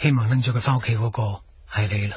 希望拎咗佢翻屋企嗰個係你啦。